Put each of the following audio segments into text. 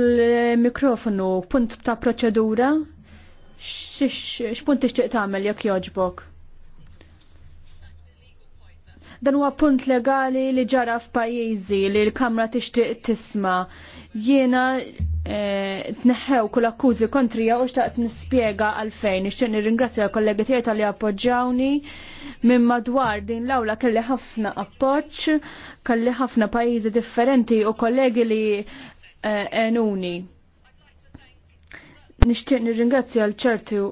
l-mikrofonu, punt ta' proċedura, x'punt tixtieq tagħmel jekk jogħġbok? Dan huwa punt legali li ġara f'pajjiżi li l-Kamra tixtieq tisma. Jiena eh, tneħħew kull akkużi kontri jew xtaqt nispjega għalfejn. Ixtieq nirringrazzja l-kollegi tiegħi tal-li appoġġawni minn madwar din l-awla kelli ħafna appoġġ, kelli ħafna pajjiżi differenti u kollegi li Eh, enuni. Nishtiq nirringrazzja l-ċertu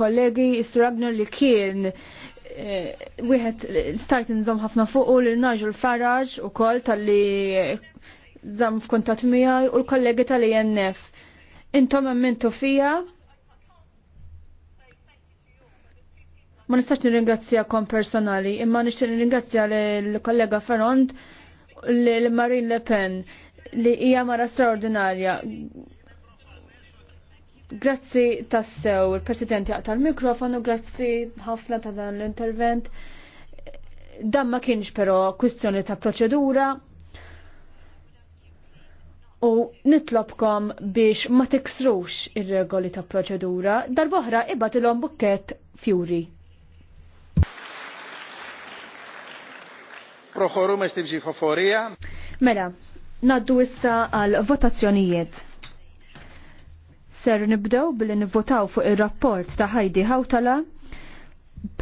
kollegi Ragnar li kien eh, wieħed start nżom ħafna fuq u l-Naġul Faraj u kol tal-li zam f'kuntat miegħi u l-kollegi tal-INF. Intom emmentu fija. Ma nistax nirringrazzja kom personali, imma nixtieq nirringrazzja l-kollega Ferrand l-Marine Le Pen li hija mara straordinarja. Grazzi tassew, il-President jaqta l-mikrofonu, grazzi ħafna ta' dan l-intervent. Dan ma kienx però kwistjoni ta' proċedura. U nitlobkom biex ma tiksrux ir-regoli ta' proċedura, darboħra ibatilhom bukket fjuri. Proħoru mestin ġifoforija. Mela, Naddu issa għal votazzjonijiet. Ser nibdew billi nivvotaw fuq ir-rapport ta' Heidi Hautala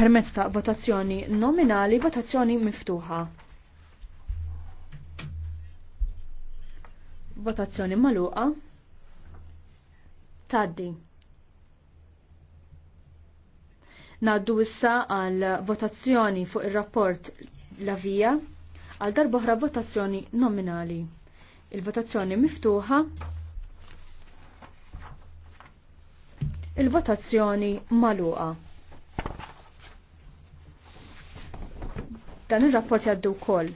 permezz ta' votazzjoni nominali, votazzjoni miftuħa. Votazzjoni maluqa. Taddi. Naddu issa għal votazzjoni fuq ir-rapport la via għal darboħra votazzjoni nominali. Il-votazzjoni miftuħa. Il-votazzjoni maluqa. Dan ir rapport jaddu wkoll.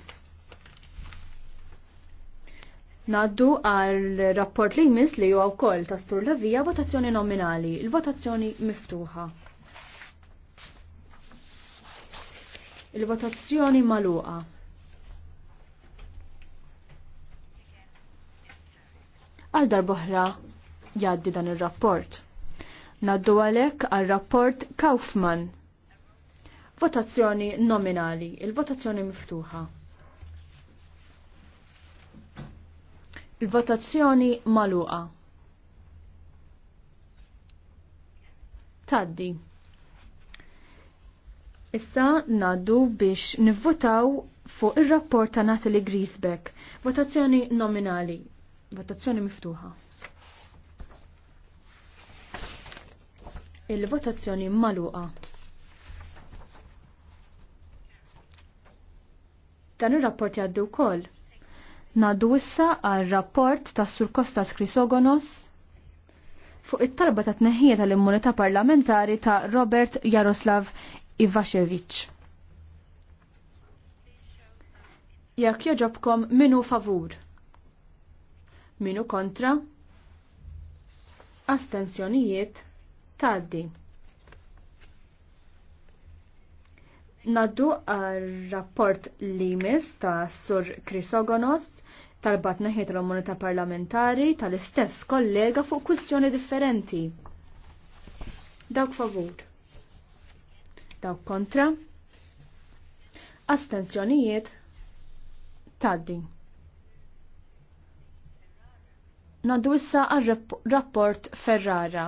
Naddu għal rapport li jmiss li huwa wkoll ta' stur la vija votazzjoni nominali, il-votazzjoni miftuħa. Il-votazzjoni maluqa. għal darboħra jaddi dan il-rapport. Naddu għalek għal rapport Kaufman. Votazzjoni nominali, il-votazzjoni miftuħa. Il-votazzjoni maluqa. Taddi. Issa naddu biex nivvotaw fuq ir-rapport ta' Natalie Griesbeck. Votazzjoni nominali, Votazzjoni miftuħa. Il-votazzjoni maluqa. Dan ir-rapport jgħaddu wkoll. Nadu issa għal rapport ta' Sur Kostas Krisogonos fuq it-talba ta' tneħħija tal-immunità parlamentari ta' Robert Jaroslav Ivashevich. Jekk joġobkom minu favur. Minu kontra? Astenzjonijiet taddi. Naddu għal rapport mis ta' Sur Krisogonos tal-bat neħiet l-Omunità Parlamentari tal-istess kollega fuq kwistjoni differenti. Dawk favur. Dawk kontra. Astenzjonijiet taddi. Naddu issa għal-rapport Ferrara.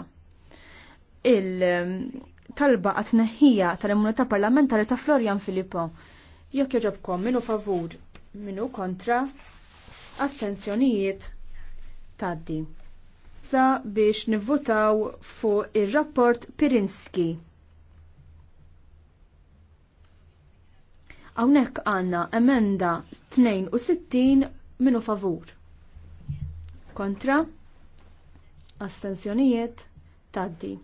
Il-talba um, għatneħija tal-immunità parlamentari ta' Florian Filippo. Jekk joġobkom minu favur, minu kontra, astenzjonijiet taddi. Sa biex nivvutaw fuq il-rapport Pirinski. Hawnhekk għandna emenda 62 minu favur kontra, astensjonijiet taddi.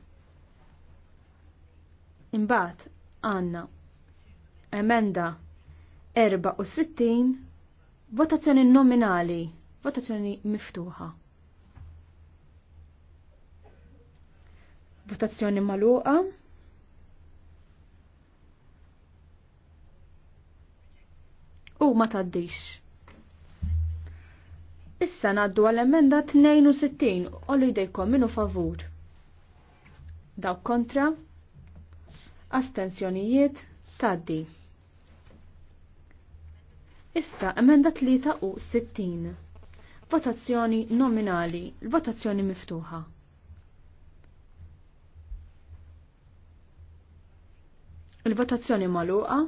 Imbat għanna emenda 64 votazzjoni nominali, votazzjoni miftuħa. Votazzjoni maluqa. U ma taddix. Issa naddu għal-emenda 62, ollu jdejkom minu favur. Daw kontra, astenzjonijiet, taddi. Issa emenda 63, votazzjoni nominali, l-votazzjoni miftuħa. Il-votazzjoni maluqa,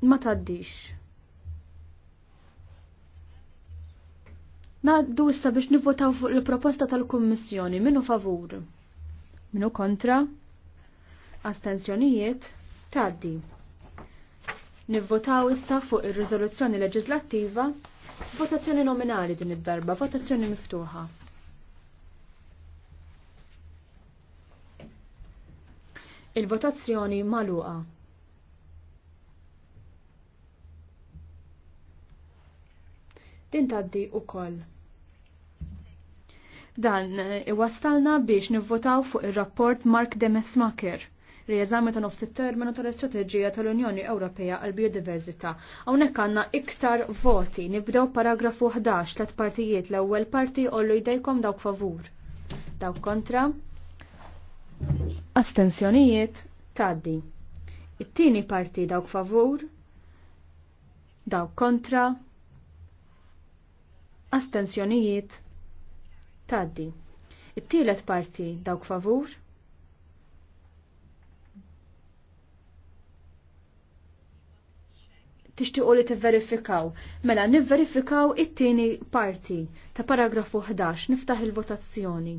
ma taddix. Naddu issa biex nivvotaw fuq il-proposta tal-Kummissjoni minu favur. Minu kontra? Astenzjonijiet? Taddi. Nivvotaw issa fuq ir-riżoluzzjoni leġislattiva votazzjoni nominali din id-darba, votazzjoni miftuħa. Il-votazzjoni maluqa. din taddi koll. Dan eh, iwastalna biex nivvotaw fuq ir-rapport Mark Demesmaker rieżami ta' nofs it-terminu tal-istrateġija tal-Unjoni Ewropea għal biodiversità. Hawnhekk għandna iktar voti. Nibdew paragrafu 11 tliet partijiet l-ewwel parti ollu jdejkom dawk favur. Dawk kontra. Astensjonijiet taddi. It-tieni parti dawk favur. Dawk kontra astensjonijiet taddi. It-tielet parti dawk favur tixtiqu li tivverifikaw. Mela nivverifikaw it-tieni parti ta' paragrafu 11 niftaħ il-votazzjoni.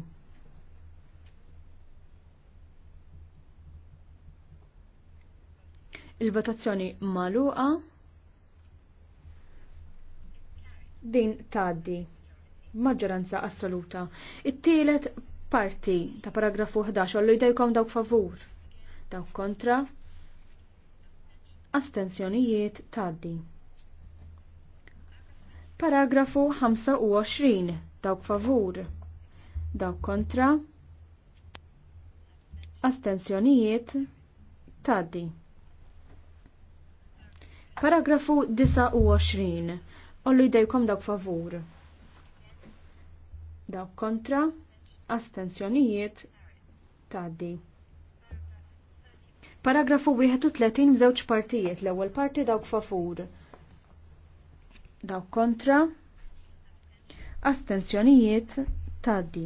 Il-votazzjoni maluqa din taddi maġġoranza assoluta. It-tielet parti ta' paragrafu 11 għallu jdejkom dawk favur, dawk kontra, astenzjonijiet taddi. Paragrafu 25 dawk favur, dawk kontra, astenzjonijiet taddi. Paragrafu 29 Ollu jdejkom dawk favur. Dawk kontra, astensjonijiet, taddi. Paragrafu 31 żewġ partijiet, l-ewwel parti dawk favur. Dawk kontra, astensjonijiet, taddi.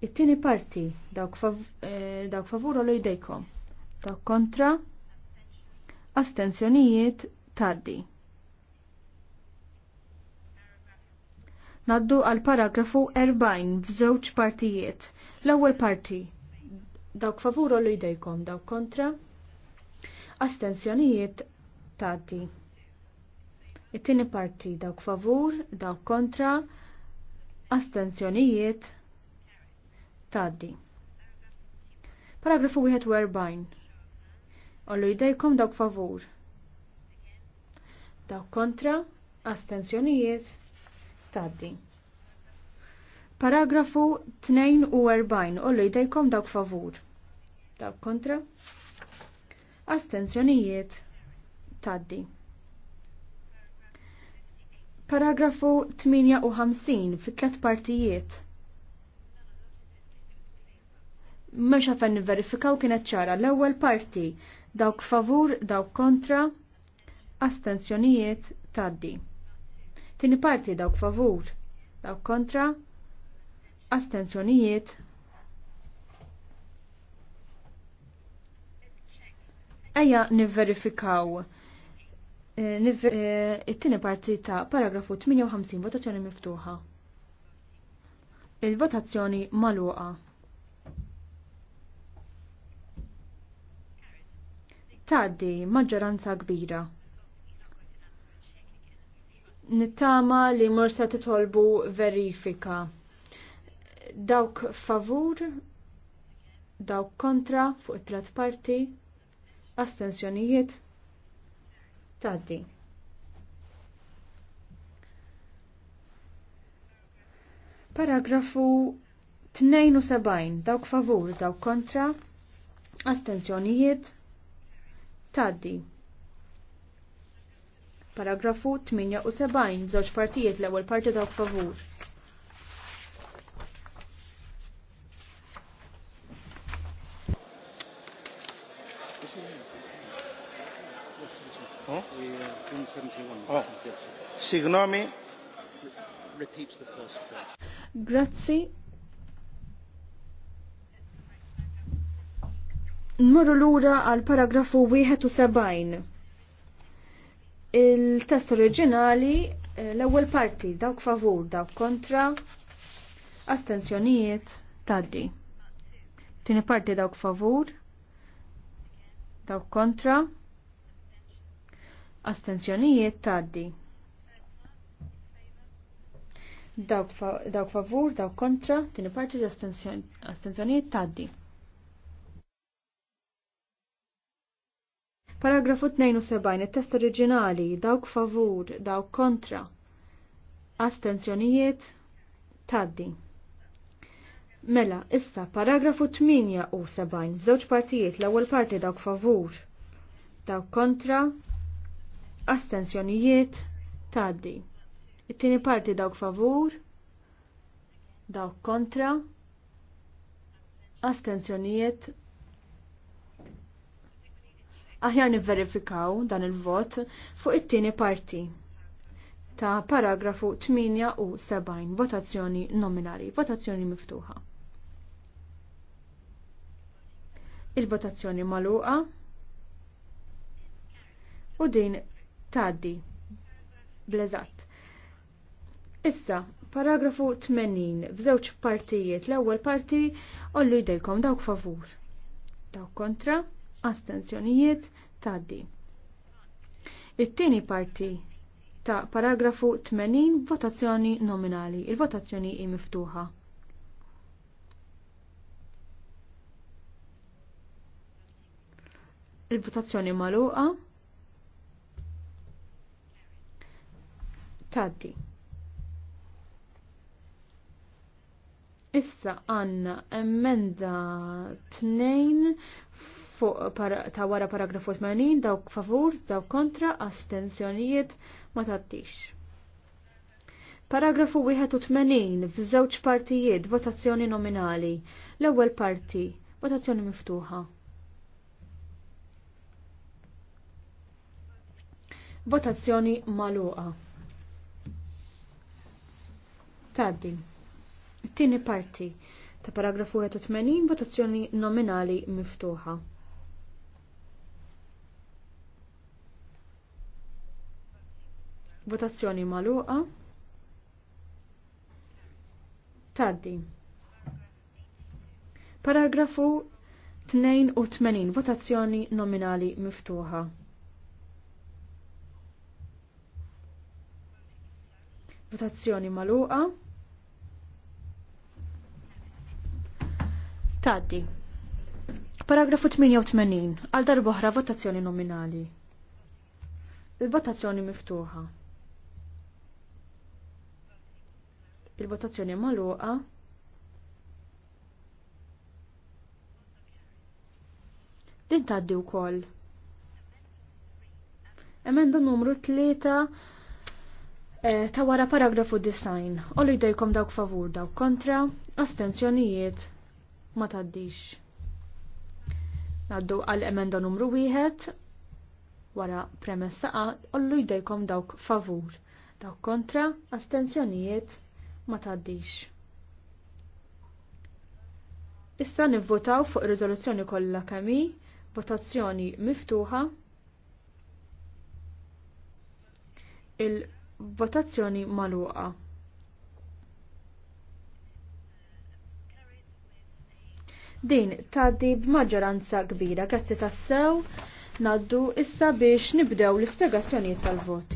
It-tieni parti dawk, fav eh, dawk favur ollu jdejkom. Dawk kontra, astensjonijiet, taddi. Naddu għal paragrafu 40 f'żewġ partijiet. L-ewwel parti. Dawk favur ollu jdejkom, dawk kontra. Astenzjonijiet tati. It-tieni parti dawk favur, dawk kontra. Astenzjonijiet tati. Paragrafu 41. Ollu jdejkom dawk favur. Dawk kontra. Astenzjonijiet taddi. Paragrafu 42, ollu jdejkom dawk favur. Dawk kontra. Astenzjonijiet tgħaddi. Paragrafu 58 fit tlet partijiet. Mhux għafen nivverifikaw kienet ċara l-ewwel parti dawk favur, dawk kontra, astenzjonijiet tgħaddi. Tini parti dawk favur, dawk kontra, astenzjonijiet. Eja nivverifikaw eh, eh, it-tini parti ta' paragrafu 58 votazzjoni miftuħa. Il-votazzjoni maluqa. Taddi maġġoranza kbira nittama li morsa titolbu verifika. Dawk favur, dawk kontra fuq it-tlet parti, astensjonijiet, taddi. Paragrafu 72, dawk favur, dawk kontra, astensjonijiet, taddi. Paragrafu 78, żewġ partijiet l-ewwel parti ta' favur. Oh. Grazzi. Nmorru lura għal paragrafu 71. Il-test oriġinali eh, l-ewwel parti dawk favur, dawk kontra, astensjonijiet taddi. Tieni parti dawk favur, dawk kontra, astensjonijiet taddi. Dawk, dawk favur, dawk kontra, tieni parti astensjonijiet taddi. Paragrafu 72, it-test oriġinali, dawk favur, dawk kontra. Astenzjonijiet taddi. Mela, issa, paragrafu 8 u 7. żewġ partijiet, l-ewwel parti dawk favur, dawk kontra, astenzjonijiet taddi. It-tieni parti dawk favur, dawk kontra, astenzjonijiet aħjar nivverifikaw dan il-vot fuq it-tieni parti ta' paragrafu 8 u votazzjoni nominali, votazzjoni miftuħa. Il-votazzjoni maluqa u din taddi blezat. Issa, paragrafu 80, f'żewġ partijiet, l-ewwel parti ollu jdejkom dawk favur. Dawk kontra, astenzjonijiet taddi. It-tieni parti ta' paragrafu 80 votazzjoni nominali. Il-votazzjoni hi miftuħa. Il-votazzjoni magħluqa. Taddi. Issa għanna emenda 2 fuq ta' wara paragrafu 80 dawk favur, dawk kontra, astensjonijiet ma tattix. Paragrafu 81 f'żewġ partijiet votazzjoni nominali. L-ewwel parti, votazzjoni miftuħa. Votazzjoni maluqa. Taddi. It-tieni parti ta' paragrafu 81 votazzjoni nominali miftuħa. Votazzjoni maluqa. Taddi. Paragrafu 82. Votazzjoni nominali miftuħa. votazzjoni maluqa. Taddi. Paragrafu 88. Għal darboħra votazzjoni nominali. Il-votazzjoni miftuħa. il-votazzjoni maluqa din taddi wkoll. Emenda numru 3 eh, ta' wara paragrafu design. Ollu jdejkom dawk favur dawk kontra, astenzjonijiet ma taddix. Naddu għal emenda numru 1 wara premessa A, ollu jdejkom dawk favur, dawk kontra, astenzjonijiet ma taddix. Issa nivvotaw fuq rizoluzzjoni riżoluzzjoni kollha kemm votazzjoni miftuħa. Il-votazzjoni magħluqa. Din tgħaddi b'maġġoranza kbira grazzi tassew naddu issa biex nibdew l-ispjegazzjonijiet tal-vot.